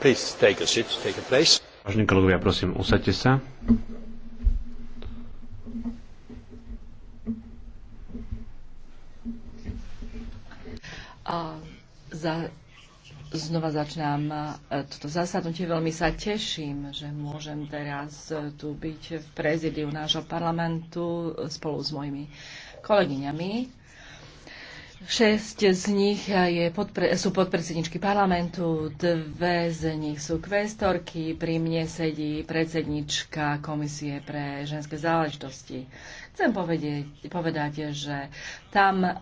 Please take a seat, take a place. Vážení kolegovia, prosím, usadte sa. A za, znova začnám e, toto zasadnutie. Veľmi sa teším, že môžem teraz e, tu byť v prezidiu nášho parlamentu e, spolu s mojimi kolegyňami. Šesť z nich je podpre, sú podpredsedničky parlamentu, dve z nich sú kvestorky, pri mne sedí predsednička Komisie pre ženské záležitosti. Chcem povedieť, povedať, že tam uh,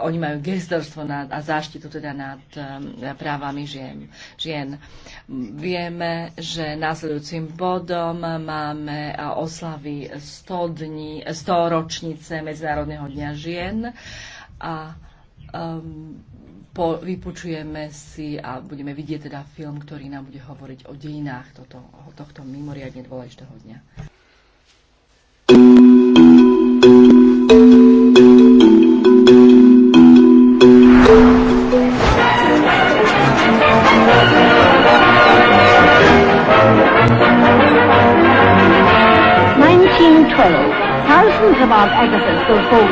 oni majú gestorstvo nad, a záštitu teda nad um, právami žien, žien. Vieme, že následujúcim bodom máme e, oslavy 100, dní, 100 ročnice Medzinárodného dňa žien. Uh, a um, po, vypočujeme si a budeme vidieť teda film, ktorý nám bude hovoriť o dejinách toto, tohto mimoriadne dôležitého dňa. Thousands of our Agathas will forward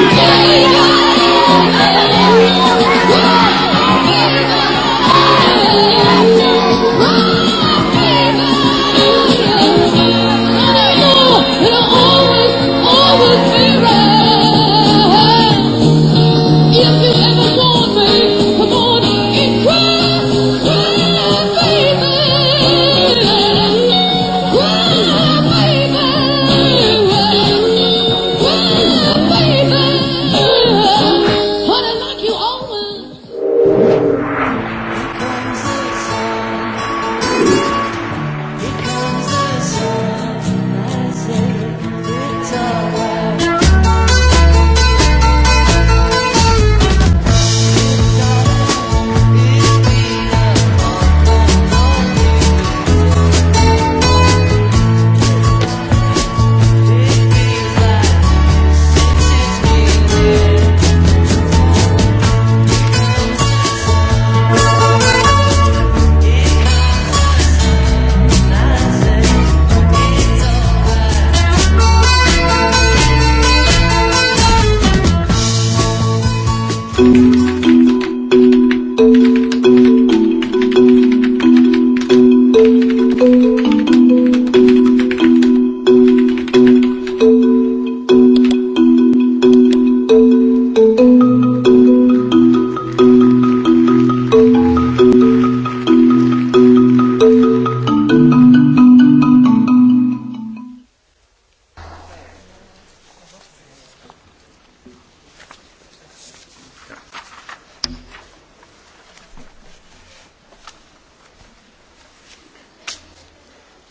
Yeah.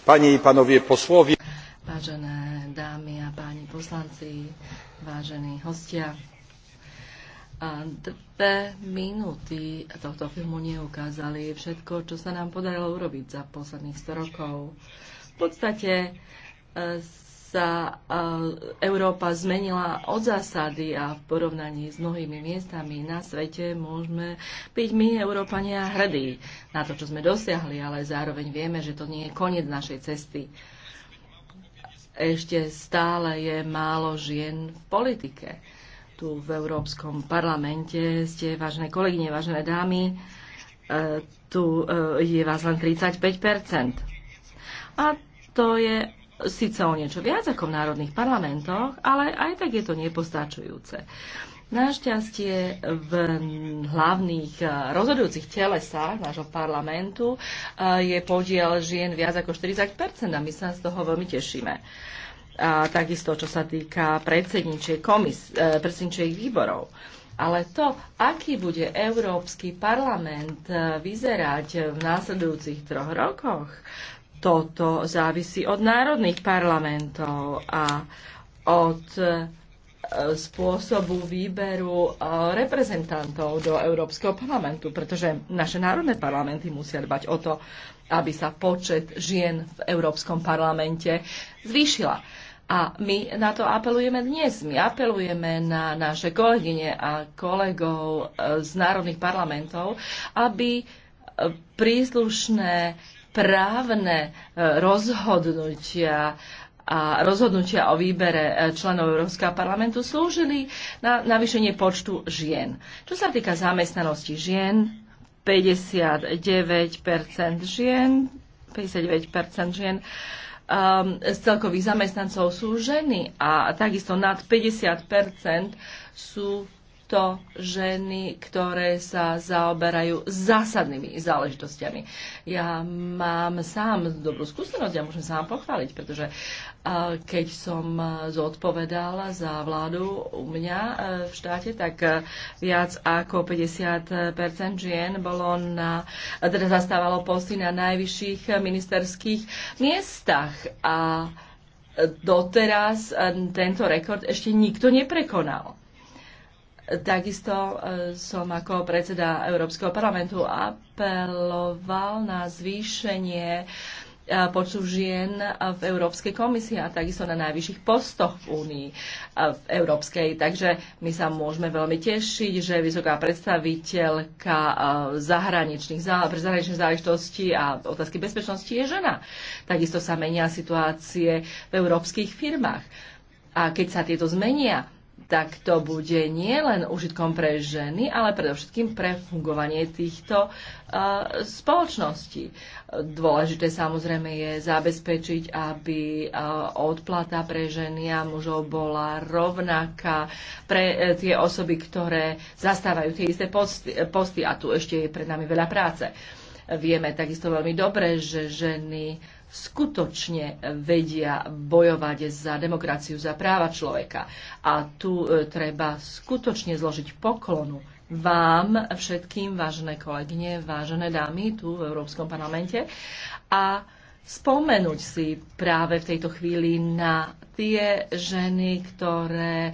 panie i panowie posłowie. Vážené dámy a páni poslanci, vážení hostia, dve minúty tohto filmu neukázali všetko, čo sa nám podarilo urobiť za posledných 100 rokov. V podstate e, sa e, Európa zmenila od zásady a v porovnaní s mnohými miestami na svete môžeme byť my, Európania, hrdí na to, čo sme dosiahli, ale zároveň vieme, že to nie je koniec našej cesty. Ešte stále je málo žien v politike. Tu v Európskom parlamente ste, vážené kolegyne, vážené dámy, e, tu e, je vás len 35 A to je síce o niečo viac ako v národných parlamentoch, ale aj tak je to nepostačujúce. Našťastie v hlavných eh, rozhodujúcich telesách nášho parlamentu eh, je podiel žien viac ako 40 a my sa z toho veľmi tešíme. A takisto, čo sa týka predsedničiek eh, výborov. Ale to, aký bude Európsky parlament vyzerať v následujúcich troch rokoch, toto závisí od národných parlamentov a od e, spôsobu výberu e, reprezentantov do Európskeho parlamentu, pretože naše národné parlamenty musia dbať o to, aby sa počet žien v Európskom parlamente zvýšila. A my na to apelujeme dnes. My apelujeme na naše kolegyne a kolegov e, z národných parlamentov, aby príslušné právne e, rozhodnutia a rozhodnutia o výbere e, členov Európskeho parlamentu slúžili na navýšenie počtu žien. Čo sa týka zamestnanosti žien, 59% žien, 59% žien um, z celkových zamestnancov sú ženy a takisto nad 50% sú to ženy, ktoré sa zaoberajú zásadnými záležitostiami. Ja mám sám dobrú skúsenosť, ja môžem sám pochváliť, pretože keď som zodpovedala za vládu u mňa e, v štáte, tak e, viac ako 50% žien bolo na, e, teda zastávalo posty na najvyšších ministerských miestach. A doteraz tento rekord ešte nikto neprekonal. Takisto e, som ako predseda Európskeho parlamentu apeloval na zvýšenie e, počtu žien v Európskej komisii a takisto na najvyšších postoch v Únii e, v Európskej. Takže my sa môžeme veľmi tešiť, že vysoká predstaviteľka zahraničných, pre zahraničné záležitosti a otázky bezpečnosti je žena. Takisto sa menia situácie v európskych firmách. A keď sa tieto zmenia, tak to bude nie len užitkom pre ženy, ale predovšetkým pre fungovanie týchto uh, spoločností. Dôležité samozrejme je zabezpečiť, aby uh, odplata pre ženy a mužov bola rovnaká pre uh, tie osoby, ktoré zastávajú tie isté posty, posty a tu ešte je pred nami veľa práce. Uh, Vieme takisto veľmi dobre, že ženy skutočne vedia bojovať za demokraciu, za práva človeka. A tu e, treba skutočne zložiť poklonu vám všetkým, vážené kolegyne, vážené dámy tu v Európskom parlamente a spomenúť si práve v tejto chvíli na tie ženy, ktoré eh,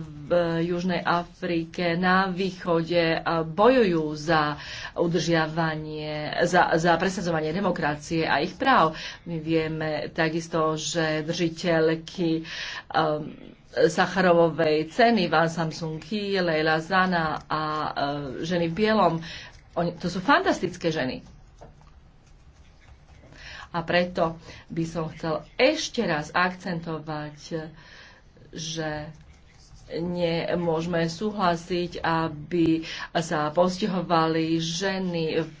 v Južnej Afrike, na východe eh, bojujú za udržiavanie, za, za presadzovanie demokracie a ich práv. My vieme takisto, že držiteľky eh, Sacharovovej ceny, Van Samsung Ki, Leila Zana a ženy v bielom, to sú fantastické ženy a preto by som chcel ešte raz akcentovať, že nemôžeme súhlasiť, aby sa postihovali ženy v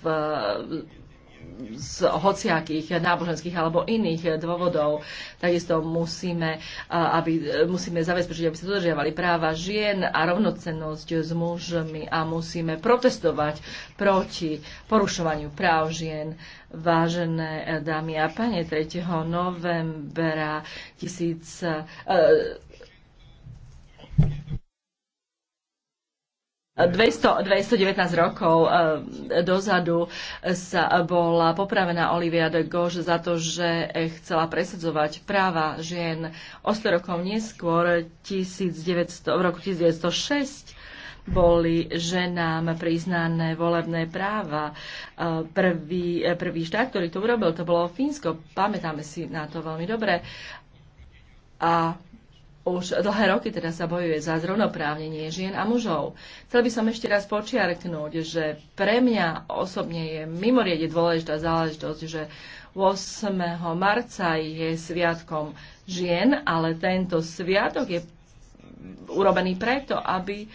z hociakých náboženských alebo iných dôvodov. Takisto musíme, aby, musíme zabezpečiť, aby sa dodržiavali práva žien a rovnocennosť s mužmi a musíme protestovať proti porušovaniu práv žien. Vážené dámy a pane, 3. novembra 1000, 200, 219 rokov e, dozadu sa bola popravená Olivia de Gauche za to, že chcela presadzovať práva žien. O 100 rokov neskôr, 1900, v roku 1906, boli ženám priznané volebné práva. E, prvý, e, prvý štát, ktorý to urobil, to bolo Fínsko. Pamätáme si na to veľmi dobre. A už dlhé roky teda sa bojuje za zrovnoprávnenie žien a mužov. Chcel by som ešte raz počiarknúť, že pre mňa osobne je mimoriadne dôležitá záležitosť, že 8. marca je sviatkom žien, ale tento sviatok je urobený preto, aby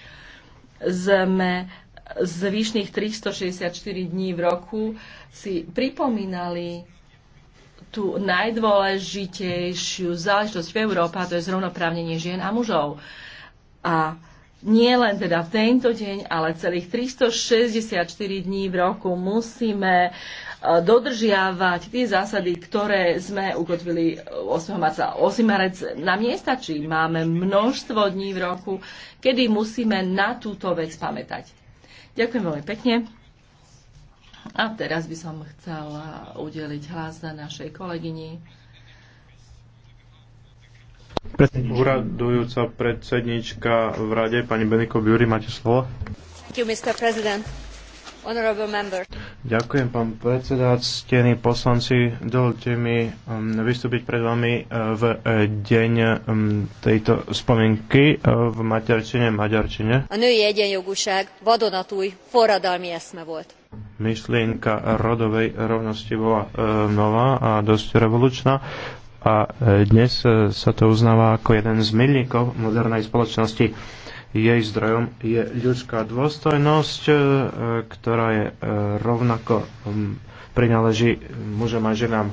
sme z výšných 364 dní v roku si pripomínali tú najdôležitejšiu záležitosť v Európe, a to je zrovnoprávnenie žien a mužov. A nie len teda v tento deň, ale celých 364 dní v roku musíme eh, dodržiavať tie zásady, ktoré sme ukotvili 8. Eh, marca. 8. marec nám nestačí. Máme množstvo dní v roku, kedy musíme na túto vec pamätať. Ďakujem veľmi pekne. A teraz by som chcela udeliť hlas na našej kolegyni. Uradujúca predsednička v rade, pani Beniko Bury, máte slovo. Thank you, Mr. President. Honorable members. Ďakujem, pán predseda. Ctení poslanci, dovolte mi um, vystúpiť pred vami uh, v uh, deň um, tejto spomienky uh, v maďarčine, maďarčine. A nő női egyenjogúság vadonatúj forradalmi esme volt. Myšlienka rodovej rovnosti bola nová a dosť revolučná a dnes sa to uznáva ako jeden z milníkov modernej spoločnosti jej zdrojom je ľudská dôstojnosť, e, ktorá je e, rovnako prináleží mužom a ženám.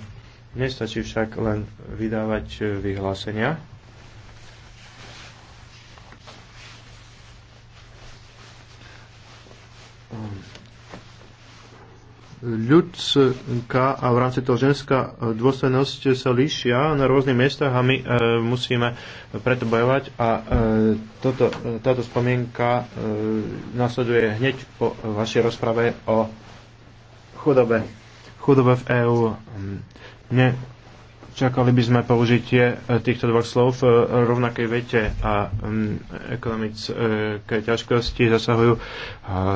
Nestačí však len vydávať e, vyhlásenia. Um ľudská a v rámci toho ženská dôstojnosť sa líšia na rôznych miestach a my e, musíme preto bojovať a e, toto, táto spomienka e, nasleduje hneď po vašej rozprave o chudobe, chudobe v EÚ. Mne Čakali by sme použitie e, týchto dvoch slov v e, rovnakej vete a ekonomické ťažkosti zasahujú e,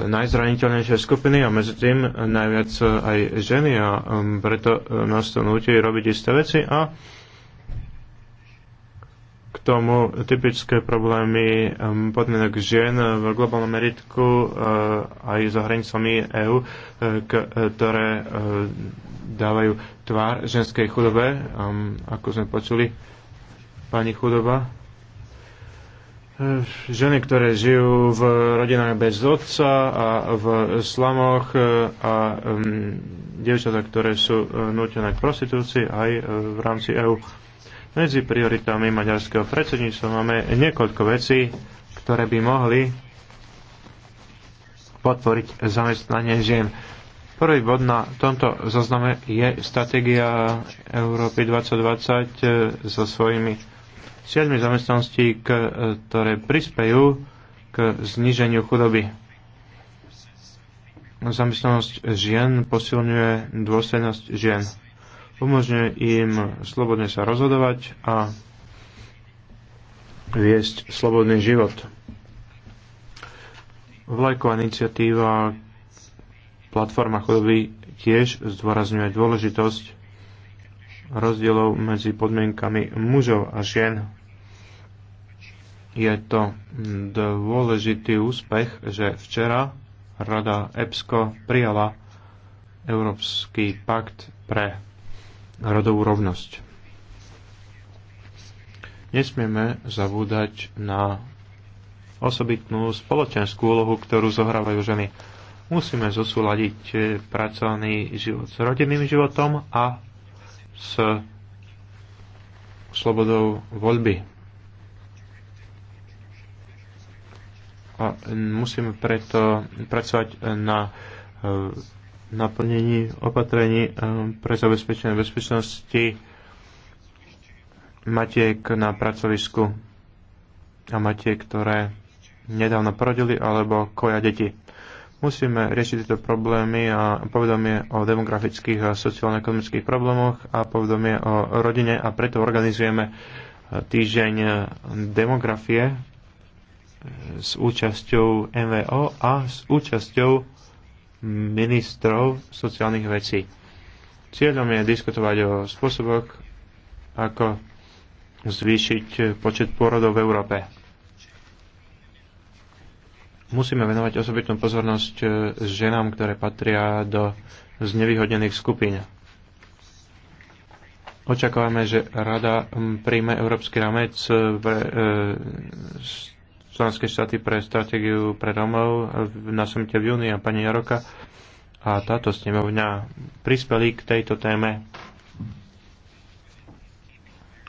najzraniteľnejšie skupiny a medzi tým najviac aj ženy a preto nás to nutí robiť isté veci a tomu typické problémy um, podmienok žien v globálnom meritku uh, aj za hranicami EÚ, uh, uh, ktoré dávajú tvár ženskej chudobe, um, ako sme počuli, pani chudoba. Ženy, ktoré žijú v rodinách bez otca a v slamoch a um, dievčatá, ktoré sú nutené k prostitúcii aj v rámci EÚ. Medzi prioritami maďarského predsedníctva máme niekoľko vecí, ktoré by mohli podporiť zamestnanie žien. Prvý bod na tomto zozname je stratégia Európy 2020 e, so svojimi siedmi zamestnanosti, ktoré prispejú k zniženiu chudoby. Zamestnanosť žien posilňuje dôslednosť žien umožňuje im slobodne sa rozhodovať a viesť slobodný život. Vlajková iniciatíva Platforma chudoby tiež zdôrazňuje dôležitosť rozdielov medzi podmienkami mužov a žien. Je to dôležitý úspech, že včera Rada EPSCO prijala Európsky pakt pre rodovú rovnosť. Nesmieme zabúdať na osobitnú spoločenskú úlohu, ktorú zohrávajú ženy. Musíme zosúľadiť eh, pracovný život s rodinným životom a s slobodou voľby. A musíme preto pracovať na eh, naplnení opatrení eh, pre zabezpečenie bezpečnosti matiek na pracovisku a matiek, ktoré nedávno porodili alebo koja deti. Musíme riešiť tieto problémy a povedomie o demografických a sociálno-ekonomických problémoch a povedomie o rodine a preto organizujeme eh, týždeň eh, demografie s účasťou MVO a s účasťou ministrov sociálnych vecí. Cieľom je diskutovať o spôsoboch, ako zvýšiť počet pôrodov v Európe. Musíme venovať osobitnú pozornosť e, ženám, ktoré patria do znevýhodnených skupín. Očakávame, že Rada príjme Európsky ramec e, pre e, členské štáty pre stratégiu pre Romov na samite v júni a pani Jaroka a táto snemovňa prispeli k tejto téme.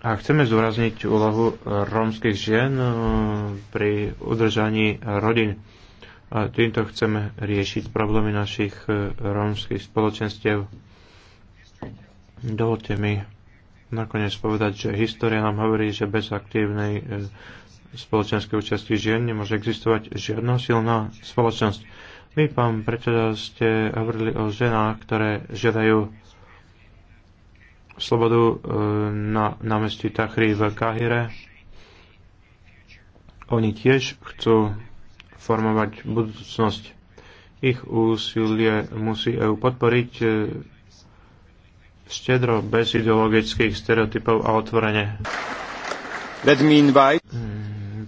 A chceme zdôrazniť úlohu rómskych žien eh, pri udržaní rodín. A týmto chceme riešiť problémy našich eh, rómskych spoločenstiev. Dovolte mi nakoniec povedať, že história nám hovorí, že bez aktívnej eh, spoločenskej účasti žien nemôže existovať žiadna silná spoločnosť. Vy, pán predseda, ste hovorili o ženách, ktoré žiadajú slobodu e, na námestí Tahri v Kahire. Oni tiež chcú formovať budúcnosť. Ich úsilie musí EU podporiť e, štedro, bez ideologických stereotypov a otvorene. Let me invite. Mm.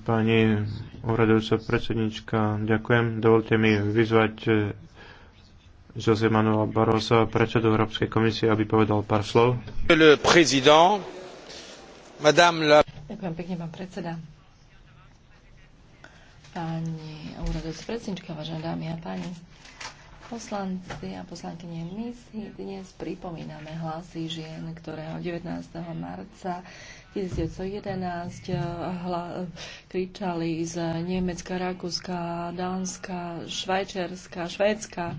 Pani úradujúca predsednička, ďakujem. Dovolte mi vyzvať eh, Jose Manuela Barosa, predsedu Európskej komisie, aby povedal pár slov. Ďakujem pekne, pán predseda. Pani úradujúca predsednička, vážené dámy a páni. Poslanci a poslankyne, my si dnes pripomíname hlasy žien, ktorého 19. marca 1911 eh, hla, kričali z Nemecka, Rakúska, Dánska, Švajčerska, Švédska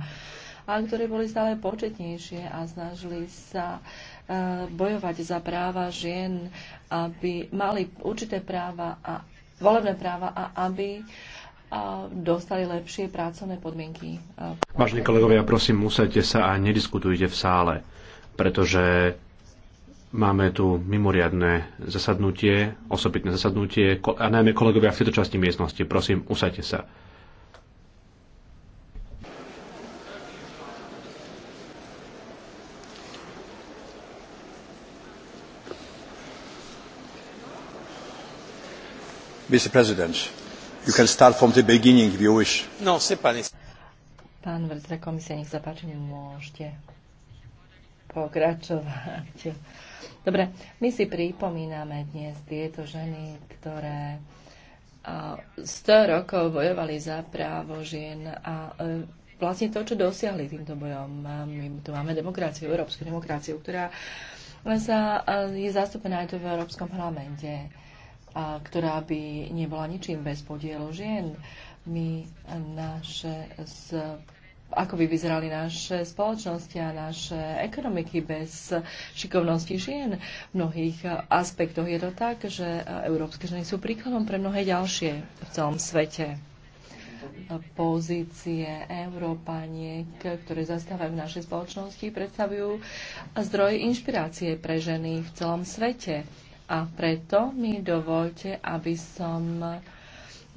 a ktoré boli stále početnejšie a snažili sa eh, bojovať za práva žien, aby mali určité práva a volebné práva a aby uh, dostali lepšie pracovné podmienky. Vážení kolegovia, prosím, musajte sa a nediskutujte v sále, pretože máme tu mimoriadne zasadnutie, osobitné zasadnutie a najmä kolegovia v tejto časti miestnosti. Prosím, usajte sa. Mr. President, can start from the beginning if you wish. No, Pán vrdzra komisie, nech sa páči, môžete pokračovať. Dobre, my si pripomíname dnes tieto ženy, ktoré 100 rokov bojovali za právo žien a e, vlastne to, čo dosiahli týmto bojom. My tu máme demokraciu, európsku demokraciu, ktorá sa e, je zastúpená aj tu v Európskom parlamente ktorá by nebola ničím bez podielu žien. My naše z ako by vyzerali naše spoločnosti a naše ekonomiky bez šikovnosti žien. V mnohých aspektoch je to tak, že európske ženy sú príkladom pre mnohé ďalšie v celom svete pozície Európaniek, ktoré zastávajú v našej spoločnosti, predstavujú zdroj inšpirácie pre ženy v celom svete. A preto mi dovolte, aby som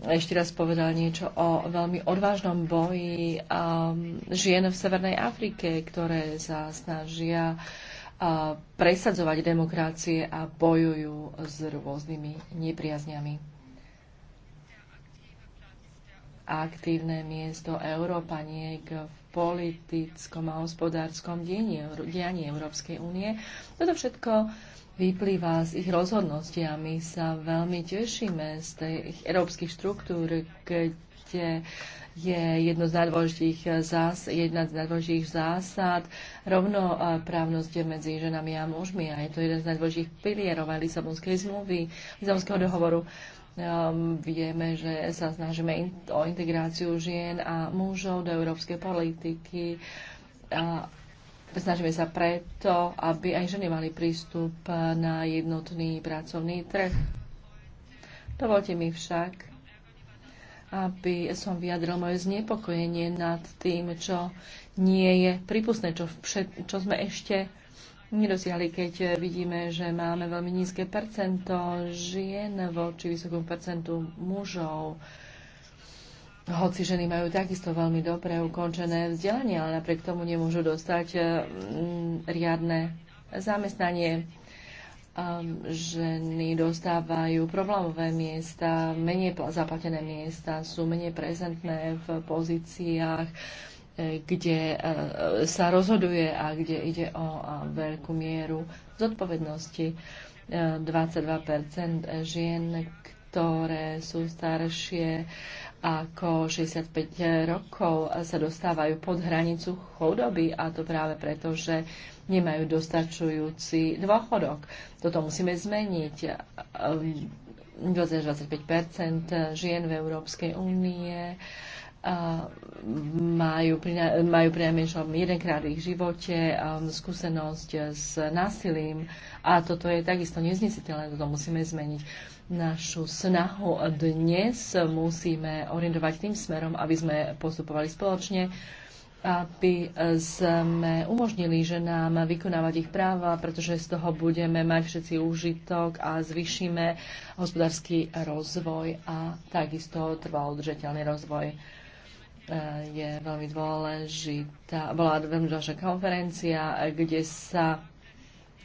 ešte raz povedal niečo o veľmi odvážnom boji um, žien v Severnej Afrike, ktoré sa snažia uh, presadzovať demokracie a bojujú s rôznymi nepriazňami. Aktívne miesto Európaniek v politickom a hospodárskom dianí Európskej únie. Toto všetko vyplýva z ich rozhodnosti a my sa veľmi tešíme z tých európskych štruktúr, kde je jedno z najdôležitých zás, jedna z najdôležitých zásad rovnoprávnosť medzi ženami a mužmi a je to jeden z najdôležitých pilierov aj Lisabonskej zmluvy, Lisabonského dohovoru. Um, vieme, že sa snažíme in- o integráciu žien a mužov do európskej politiky. A Snažíme sa preto, aby aj ženy mali prístup na jednotný pracovný trh. Dovolte mi však, aby som vyjadril moje znepokojenie nad tým, čo nie je prípustné, čo, všet, čo sme ešte nedosiahli, keď vidíme, že máme veľmi nízke percento žien voči vysokom percentu mužov hoci ženy majú takisto veľmi dobre ukončené vzdelanie, ale napriek tomu nemôžu dostať eh, mm, riadne zamestnanie. Ehm, ženy dostávajú problémové miesta, menej zaplatené miesta, sú menej prezentné v pozíciách, eh, kde eh, sa rozhoduje a kde ide o veľkú mieru zodpovednosti. 22 žien, ktoré sú staršie ako 65 rokov, sa dostávajú pod hranicu chudoby a to práve preto, že nemajú dostačujúci dôchodok. Toto musíme zmeniť. 25 žien v Európskej únie majú, pri, majú prinajmenšom jedenkrát v ich živote um, skúsenosť s násilím a toto je takisto neznesiteľné, toto musíme zmeniť. Našu snahu dnes musíme orientovať tým smerom, aby sme postupovali spoločne, aby sme umožnili ženám vykonávať ich práva, pretože z toho budeme mať všetci úžitok a zvyšíme hospodársky rozvoj a takisto trvalo udržateľný rozvoj Eh, je veľmi dôležitá, bola veľmi dôležitá konferencia, kde sa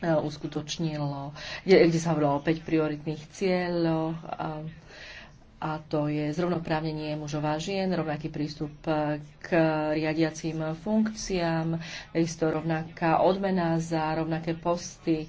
eh, uskutočnilo, kde, kde sa hovorilo o 5 prioritných cieľoch a, eh, a to je zrovnoprávnenie mužov a žien, rovnaký prístup k riadiacím funkciám, isto rovnaká odmena za rovnaké posty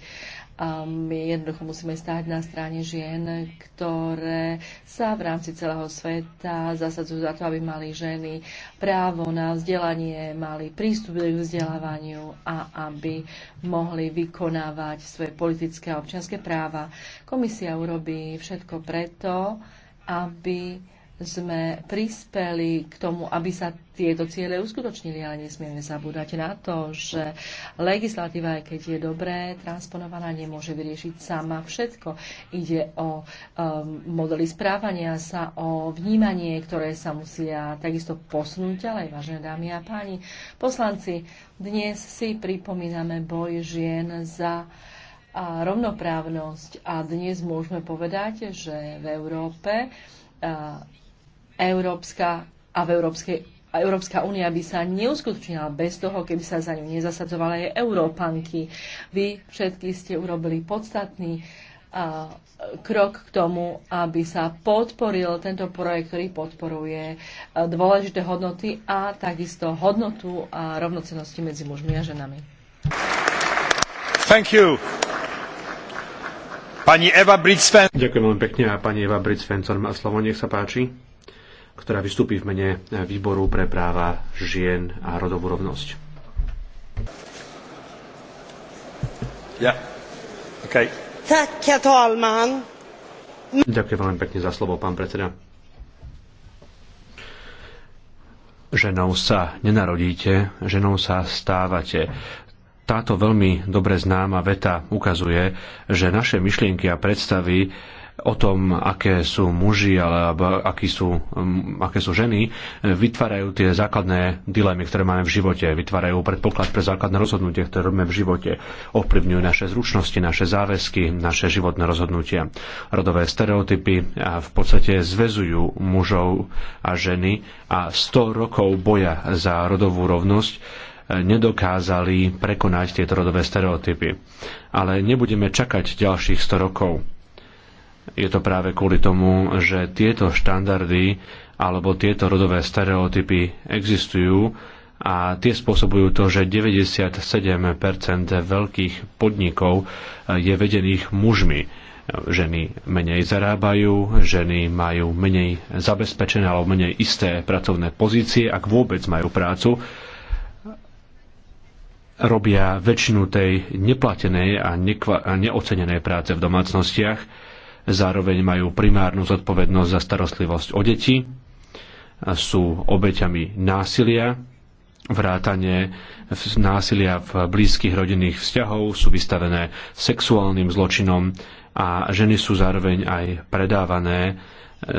a my jednoducho musíme stáť na strane žien, ktoré sa v rámci celého sveta zasadzujú za to, aby mali ženy právo na vzdelanie, mali prístup k vzdelávaniu a aby mohli vykonávať svoje politické a občianské práva. Komisia urobí všetko preto, aby sme prispeli k tomu, aby sa tieto ciele uskutočnili, ale nesmieme zabúdať na to, že legislatíva, aj keď je dobré transponovaná, nemôže vyriešiť sama všetko. Ide o um, modely správania sa, o vnímanie, ktoré sa musia takisto posunúť ďalej, vážené dámy a páni. Poslanci, dnes si pripomíname boj žien za a rovnoprávnosť. A dnes môžeme povedať, že v Európe Európska a v Európskej a Európska únia by sa neuskutočnila bez toho, keby sa za ňu nezasadzovali aj Európanky. Vy všetky ste urobili podstatný a, krok k tomu, aby sa podporil tento projekt, ktorý podporuje dôležité hodnoty a takisto hodnotu a rovnocenosti medzi mužmi a ženami. Thank you. Pani Eva Britsven. Ďakujem veľmi pekne a pani Eva Britsven, má slovo, nech sa páči ktorá vystúpi v mene Výboru pre práva žien a rodovú rovnosť. Ja. Okay. Tak, ja to Ďakujem veľmi pekne za slovo, pán predseda. Ženou sa nenarodíte, ženou sa stávate. Táto veľmi dobre známa veta ukazuje, že naše myšlienky a predstavy o tom, aké sú muži alebo aký sú, aké sú ženy, e, vytvárajú tie základné dilemy, ktoré máme v živote, vytvárajú predpoklad pre základné rozhodnutie, ktoré robíme v živote, ovplyvňujú naše zručnosti, naše záväzky, naše životné rozhodnutia. Rodové stereotypy a v podstate zvezujú mužov a ženy a 100 rokov boja za rodovú rovnosť e, nedokázali prekonať tieto rodové stereotypy. Ale nebudeme čakať ďalších 100 rokov je to práve kvôli tomu, že tieto štandardy alebo tieto rodové stereotypy existujú a tie spôsobujú to, že 97% veľkých podnikov eh, je vedených mužmi. Ženy menej zarábajú, ženy majú menej zabezpečené alebo menej isté pracovné pozície, ak vôbec majú prácu robia väčšinu tej neplatenej a, nekva- a neocenenej práce v domácnostiach zároveň majú primárnu zodpovednosť za starostlivosť o deti, sú obeťami násilia, vrátanie násilia v blízkych rodinných vzťahov, sú vystavené sexuálnym zločinom a ženy sú zároveň aj predávané e,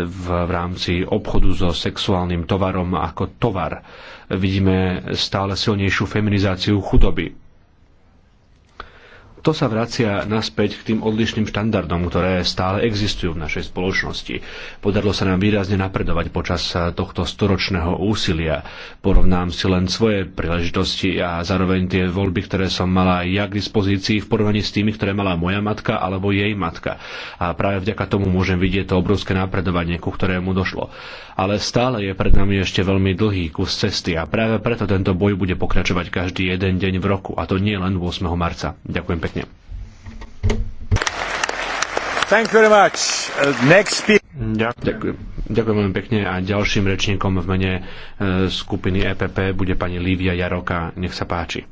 v, v rámci obchodu so sexuálnym tovarom ako tovar. Vidíme stále silnejšiu feminizáciu chudoby to sa vracia naspäť k tým odlišným štandardom, ktoré stále existujú v našej spoločnosti. Podarilo sa nám výrazne napredovať počas tohto storočného úsilia. Porovnám si len svoje príležitosti a zároveň tie voľby, ktoré som mala ja k dispozícii v porovnaní s tými, ktoré mala moja matka alebo jej matka. A práve vďaka tomu môžem vidieť to obrovské napredovanie, ku ktorému došlo. Ale stále je pred nami ešte veľmi dlhý kus cesty a práve preto tento boj bude pokračovať každý jeden deň v roku a to nie len 8. marca. Ďakujem pekne pekne. Thank you very much. Next Ďakujem. Ďakujem veľmi pekne a ďalším rečníkom v mene e, skupiny EPP bude pani Lívia Jaroka. Nech sa páči.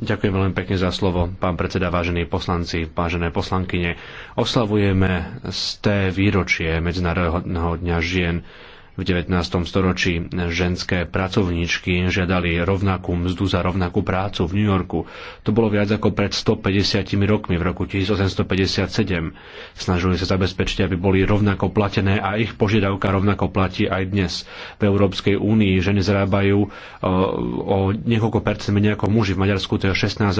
Ďakujem veľmi pekne za slovo, pán predseda, vážení poslanci, vážené poslankyne. Oslavujeme z té výročie Medzinárodného dňa žien v 19. storočí ženské pracovníčky žiadali rovnakú mzdu za rovnakú prácu v New Yorku. To bolo viac ako pred 150 rokmi v roku 1857. Snažili sa zabezpečiť, aby boli rovnako platené a ich požiadavka rovnako platí aj dnes. V Európskej únii ženy zarábajú e, o niekoľko percent menej ako muži. V Maďarsku to je 16,5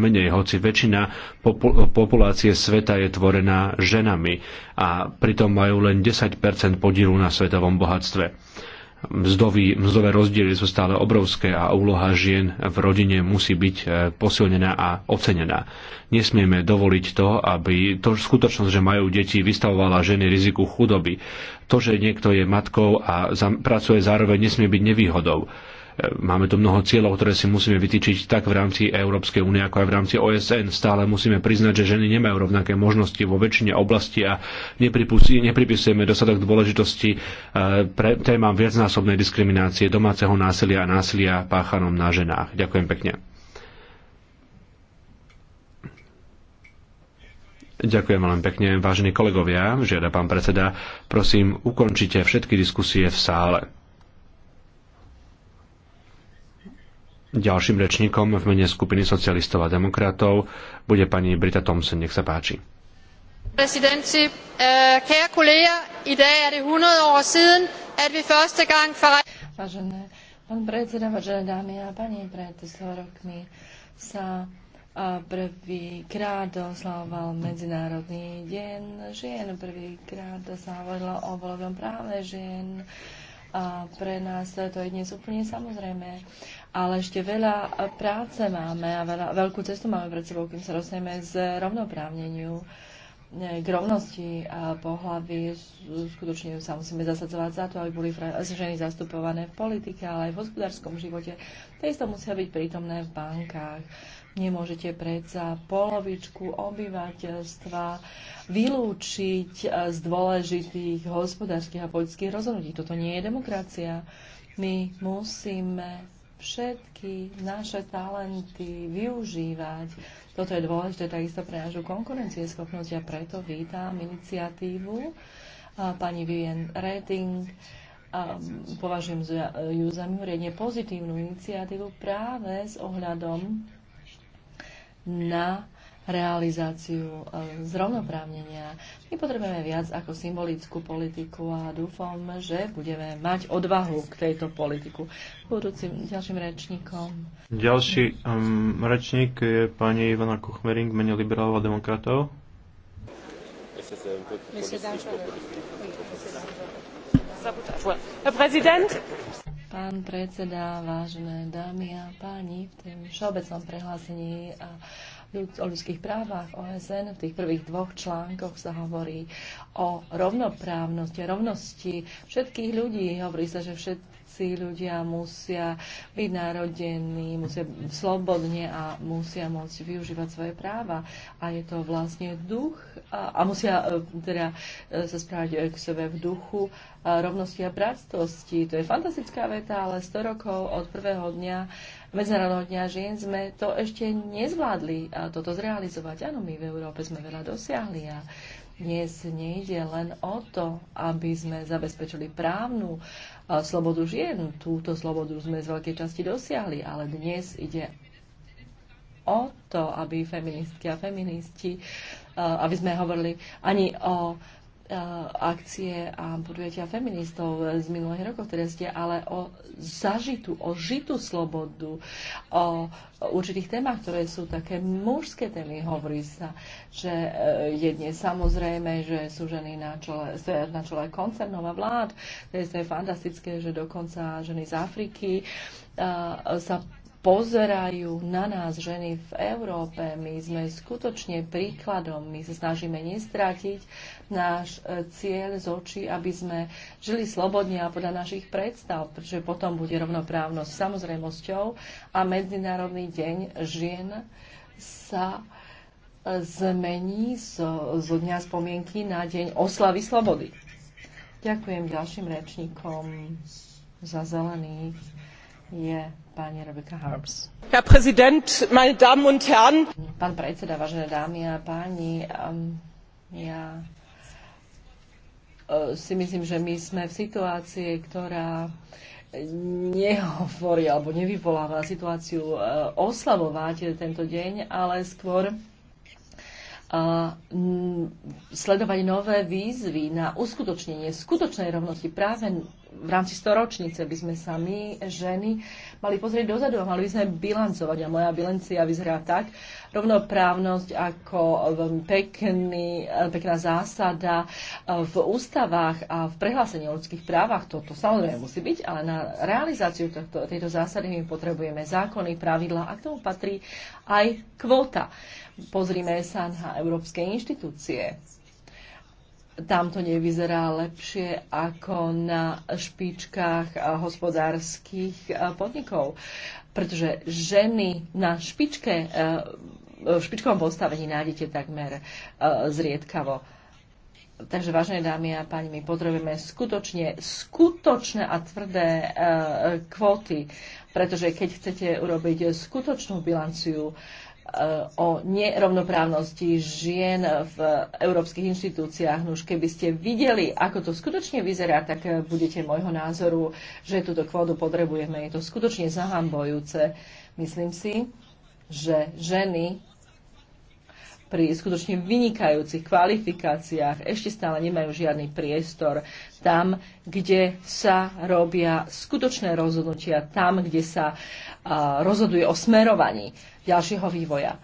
menej, hoci väčšina populácie sveta je tvorená ženami a pritom majú len 10 podielu na svetovom bohatstve. Mzdový, mzdové rozdiely sú stále obrovské a úloha žien v rodine musí byť e, posilnená a ocenená. Nesmieme dovoliť to, aby to skutočnosť, že majú deti, vystavovala ženy riziku chudoby. To, že niekto je matkou a pracuje zároveň, nesmie byť nevýhodou Máme tu mnoho cieľov, ktoré si musíme vytýčiť tak v rámci Európskej únie, ako aj v rámci OSN. Stále musíme priznať, že ženy nemajú rovnaké možnosti vo väčšine oblasti a nepripisujeme dosadok dôležitosti eh, pre témam viacnásobnej diskriminácie, domáceho násilia a násilia páchanom na ženách. Ďakujem pekne. Ďakujem veľmi pekne, vážení kolegovia, žiada pán predseda. Prosím, ukončite všetky diskusie v sále. Ďalším rečníkom v mene skupiny socialistov a demokratov bude pani Brita Thompson. Nech sa páči. Presidenci, eh, kære kolleger, i dag er det 100 år siden, at vi første gang for... Vážené pán predseda, vážené dámy a pani, pred 100 rokmi sa eh, prvýkrát oslavoval Medzinárodný deň žien, prvýkrát sa o voľnom práve žien, a pre nás to je dnes úplne samozrejme. Ale ešte veľa práce máme a veľa, veľkú cestu máme pred sebou, kým sa dostaneme z rovnoprávneniu e, k rovnosti a pohlavy skutočne sa musíme zasadzovať za to, aby boli ženy zastupované v politike, ale aj v hospodárskom živote. Takisto musia byť prítomné v bankách, Nemôžete predsa polovičku obyvateľstva vylúčiť eh, z dôležitých hospodárskych a politických rozhodnutí. Toto nie je demokracia. My musíme všetky naše talenty využívať. Toto je dôležité takisto pre našu konkurencieschopnosť a preto vítam iniciatívu eh, pani Vivian Redding. a mm, považujem eh, ju za mimoriadne pozitívnu iniciatívu práve s ohľadom na realizáciu zrovnoprávnenia. My potrebujeme viac ako symbolickú politiku a dúfam, že budeme mať odvahu k tejto politiku. Budúcim ďalším rečníkom. Ďalší um, rečník je pani Ivana Kuchmering, mene liberálov a demokratov. Herr Präsident! pán predseda, vážené dámy a páni, v tom všeobecnom prehlásení o ľudských právach OSN v tých prvých dvoch článkoch sa hovorí o rovnoprávnosti, rovnosti všetkých ľudí. Hovorí sa, že všet, si ľudia musia byť narodení, musia slobodne a musia môcť využívať svoje práva. A je to vlastne duch a, a musia e, teda e, sa správať e, k sebe v duchu a rovnosti a bratstvosti. To je fantastická veta, ale 100 rokov od prvého dňa Medzinárodného dňa žien sme to ešte nezvládli a toto zrealizovať. Áno, my v Európe sme veľa dosiahli a dnes nejde len o to, aby sme zabezpečili právnu e, slobodu žien. Túto slobodu sme z veľkej časti dosiahli, ale dnes ide o to, aby feministky a feministi, e, aby sme hovorili ani o akcie a podujatia feministov z minulých rokov, ktoré ste ale o zažitú, o žitú slobodu, o určitých témach, ktoré sú také mužské témy. Hovorí sa, že e, je dnes samozrejme, že sú ženy na čele, na čele koncernov a vlád. To je, to je fantastické, že dokonca ženy z Afriky e, sa pozerajú na nás ženy v Európe. My sme skutočne príkladom. My sa snažíme nestratiť náš e, cieľ z očí, aby sme žili slobodne a podľa našich predstav, pretože potom bude rovnoprávnosť samozrejmosťou a Medzinárodný deň žien sa e, zmení zo, zo dňa spomienky na deň oslavy slobody. Ďakujem ďalším rečníkom za zelených je pani Herr Präsident, meine Damen und Herren. Pán predseda, vážené dámy a páni, um, ja e, si myslím, že my sme v situácii, ktorá nehovorí alebo nevyvoláva situáciu e, oslavovať tento deň, ale skôr e, sledovať nové výzvy na uskutočnenie skutočnej rovnosti práve v rámci storočnice by sme sa my, ženy, mali pozrieť dozadu a mali by sme bilancovať. A moja bilancia vyzerá tak, rovnoprávnosť ako veľmi pekný, pekná zásada v ústavách a v prehlásení o ľudských právach. To, to samozrejme musí byť, ale na realizáciu tohto, tejto zásady my potrebujeme zákony, pravidlá a k tomu patrí aj kvota. Pozrime sa na európske inštitúcie tam to nevyzerá lepšie ako na špičkách eh, hospodárskych eh, podnikov, pretože ženy na špičke, eh, v špičkovom postavení nájdete takmer zriedkavo. Takže, vážené dámy a páni, my potrebujeme skutočne, skutočné a tvrdé kvóty, pretože keď chcete urobiť skutočnú bilanciu, Eh, o nerovnoprávnosti žien v európskych inštitúciách. Už keby ste videli, ako to skutočne vyzerá, tak eh, budete môjho názoru, že túto kvótu potrebujeme. Je to skutočne zahambojúce. Myslím si, že ženy pri skutočne vynikajúcich kvalifikáciách ešte stále nemajú žiadny priestor tam, kde sa robia skutočné rozhodnutia, tam, kde sa rozhoduje o smerovaní ďalšieho vývoja.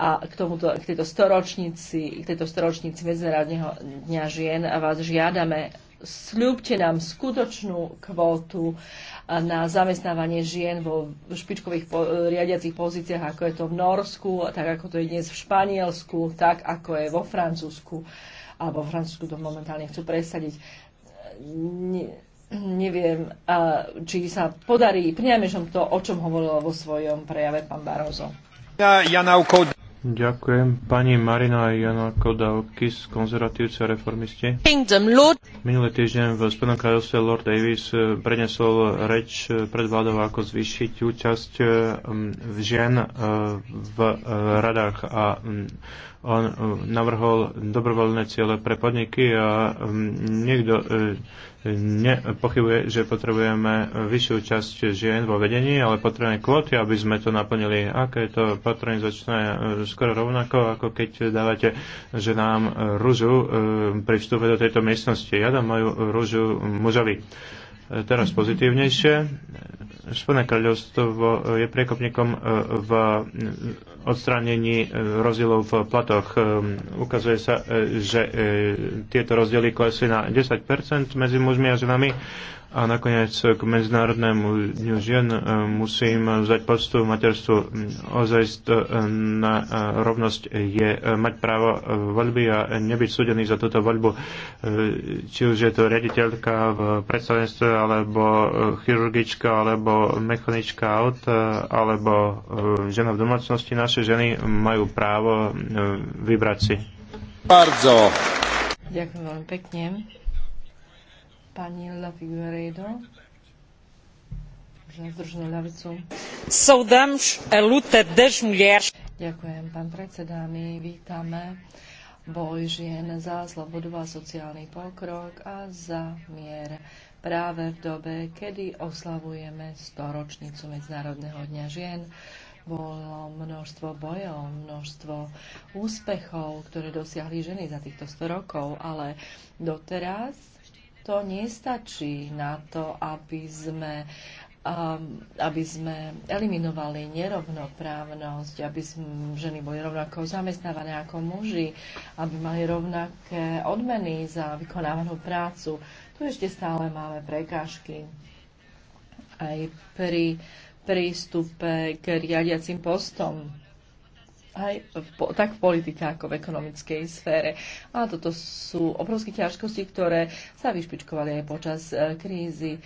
A k, tomuto, k tejto storočnici, k tejto storočnici Medzinárodného dňa žien vás žiadame sľúbte nám skutočnú kvótu eh, na zamestnávanie žien vo špičkových eh, riadiacich pozíciách, ako je to v Norsku, tak ako to je dnes v Španielsku, tak ako je vo Francúzsku, alebo v Francúzsku to momentálne chcú presadiť. Ne- neviem, eh, či sa podarí priamežom to, o čom hovoril vo svojom prejave pán Barozo. Ja, ja na okol... Ďakujem. Pani Marina Jana Kodaukis, konzervatívci a reformisti. Minulý týždeň v Spodnom kráľovstve Lord Davis eh, prenesol reč eh, pred vládou, ako zvýšiť účasť eh, žien v radách a mm, on um, navrhol dobrovoľné ciele pre podniky a um, niekto e, nepochybuje, že potrebujeme vyššiu časť žien vo vedení, ale potrebujeme kvóty, aby sme to naplnili. Aké to to patronizačné e, skoro rovnako, ako keď dávate ženám rúžu e, pri vstupe do tejto miestnosti. Ja dám moju rúžu mužovi teraz pozitívnejšie. Spojené kráľovstvo je priekopníkom e, v odstránení e, rozdielov v platoch. E, ukazuje sa, že tieto rozdiely klesli na 10% medzi mužmi a ženami a nakoniec k Medzinárodnému dňu žien e, musím vzdať poctu materstvu. Ozaj e, na e, rovnosť je mať právo voľby a nebyť súdený za túto voľbu. Či už je to riaditeľka v predstavenstve, alebo chirurgička, alebo mechanička aut, alebo žena v domácnosti. Naše ženy majú právo vybrať si. Bardzo. Ďakujem veľmi pekne pani Lafigueredo za združenú ľavicu. Sou damos a luta das mulheres. Ďakujem, pán predseda. My vítame boj žien za slobodu a sociálny pokrok a za mier práve v dobe, kedy oslavujeme 100 ročnicu Medzinárodného dňa žien bolo množstvo bojov, množstvo úspechov, ktoré dosiahli ženy za týchto 100 rokov, ale doteraz to nestačí na to, aby sme um, aby sme eliminovali nerovnoprávnosť, aby ženy boli rovnako zamestnávané ako muži, aby mali rovnaké odmeny za vykonávanú prácu. Tu ešte stále máme prekážky aj pri prístupe k riadiacim postom aj v, tak v politike, ako v ekonomickej sfére. A toto sú obrovské ťažkosti, ktoré sa vyšpičkovali aj počas e, krízy. E,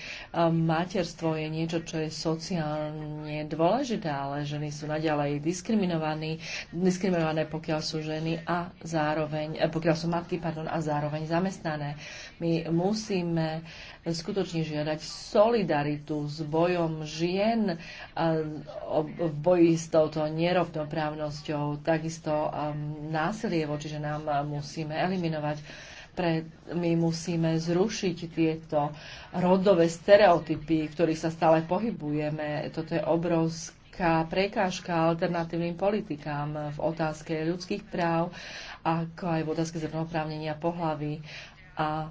materstvo je niečo, čo je sociálne dôležité, ale ženy sú naďalej diskriminovaní, diskriminované, pokiaľ sú ženy a zároveň, e, pokiaľ sú matky, pardon, a zároveň zamestnané. My musíme skutočne žiadať solidaritu s bojom žien v boji s touto nerovnoprávnosťou. Takisto um, násilie voči ženám musíme eliminovať. Pre, my musíme zrušiť tieto rodové stereotypy, v ktorých sa stále pohybujeme. Toto je obrovské prekážka alternatívnym politikám v otázke ľudských práv, ako aj v otázke zrovnoprávnenia pohlavy. A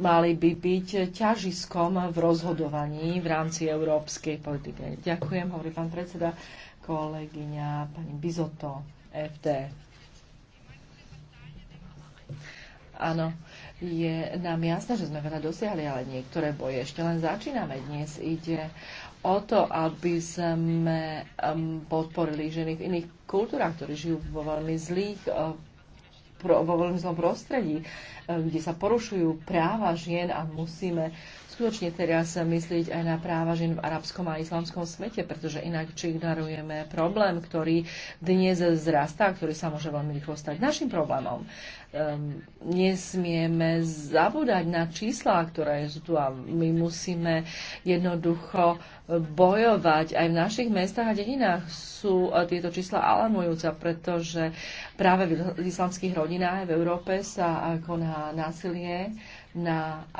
mali by byť ťažiskom v rozhodovaní v rámci európskej politiky. Ďakujem, hovorí pán predseda, kolegyňa pani Bizoto, FD. Áno, je nám jasné, že sme veľa dosiahli, ale niektoré boje ešte len začíname. Dnes ide o to, aby sme um, podporili ženy v iných kultúrach, ktorí žijú vo veľmi zlých uh, vo veľmi zlom prostredí, eh, kde sa porušujú práva žien a musíme skutočne teraz myslieť aj na práva žien v arabskom a islamskom svete, pretože inak či ignorujeme problém, ktorý dnes zrastá, ktorý sa môže veľmi rýchlo stať našim problémom. Um, nesmieme zabúdať na čísla, ktoré sú tu a my musíme jednoducho bojovať. Aj v našich mestách a dedinách sú e, tieto čísla alarmujúce, pretože práve v islamských rodinách v Európe sa e, koná násilie na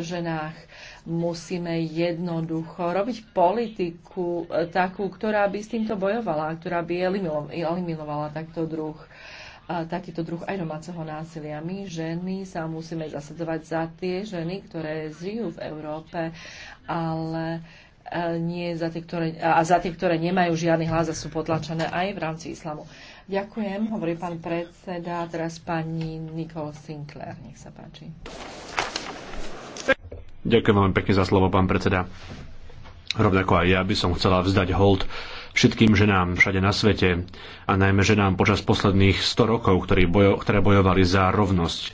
ženách. Musíme jednoducho robiť politiku e, takú, ktorá by s týmto bojovala, ktorá by eliminovala takto druh takýto druh aj domáceho násilia. My, ženy, sa musíme zasadzovať za tie ženy, ktoré žijú v Európe, ale e, nie za tie, ktoré, a za tie, ktoré nemajú žiadny hlas a sú potlačené aj v rámci islamu. Ďakujem, hovorí pán predseda, teraz pani Nicole Sinclair, nech sa páči. Ďakujem veľmi pekne za slovo, pán predseda. Rovnako aj ja by som chcela vzdať hold všetkým ženám všade na svete a najmä ženám počas posledných 100 rokov, ktoré, bojo, ktoré bojovali za rovnosť.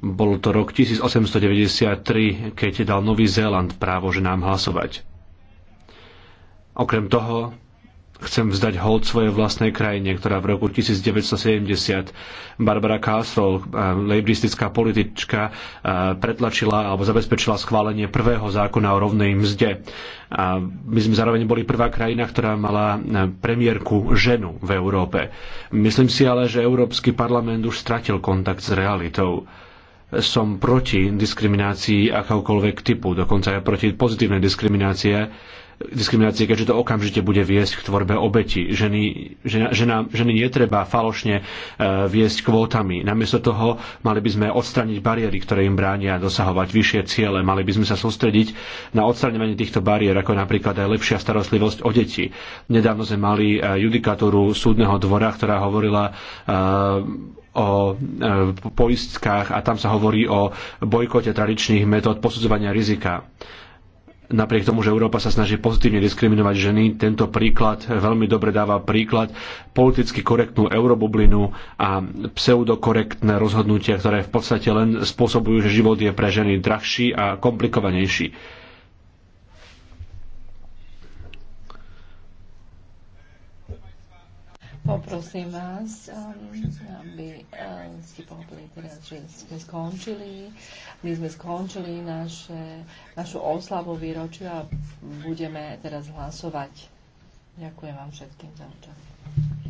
Bol to rok 1893, keď dal Nový Zéland právo ženám hlasovať. Okrem toho, Chcem vzdať hold svojej vlastnej krajine, ktorá v roku 1970 Barbara Castle, eh, lejbristická politička, eh, pretlačila alebo zabezpečila schválenie prvého zákona o rovnej mzde. A my sme zároveň boli prvá krajina, ktorá mala eh, premiérku ženu v Európe. Myslím si ale, že Európsky parlament už stratil kontakt s realitou som proti diskriminácii akákoľvek typu, dokonca aj proti pozitívnej diskriminácie diskriminácie, keďže to okamžite bude viesť k tvorbe obeti. Ženy, žena, žena, ženy netreba falošne e, viesť kvótami. Namiesto toho mali by sme odstraniť bariéry, ktoré im bránia dosahovať vyššie ciele. Mali by sme sa sústrediť na odstraňovanie týchto bariér, ako napríklad aj lepšia starostlivosť o deti. Nedávno sme mali e, judikatúru súdneho dvora, ktorá hovorila e, o poistkách a tam sa hovorí o bojkote tradičných metód posudzovania rizika Napriek tomu, že Európa sa snaží pozitívne diskriminovať ženy, tento príklad veľmi dobre dáva príklad politicky korektnú eurobublinu a pseudokorektné rozhodnutia, ktoré v podstate len spôsobujú, že život je pre ženy drahší a komplikovanejší Poprosím vás, um, aby um, ste pochopili teraz, že sme skončili. My sme skončili naše, našu oslavu výročia a budeme teraz hlasovať. Ďakujem vám všetkým za účasť.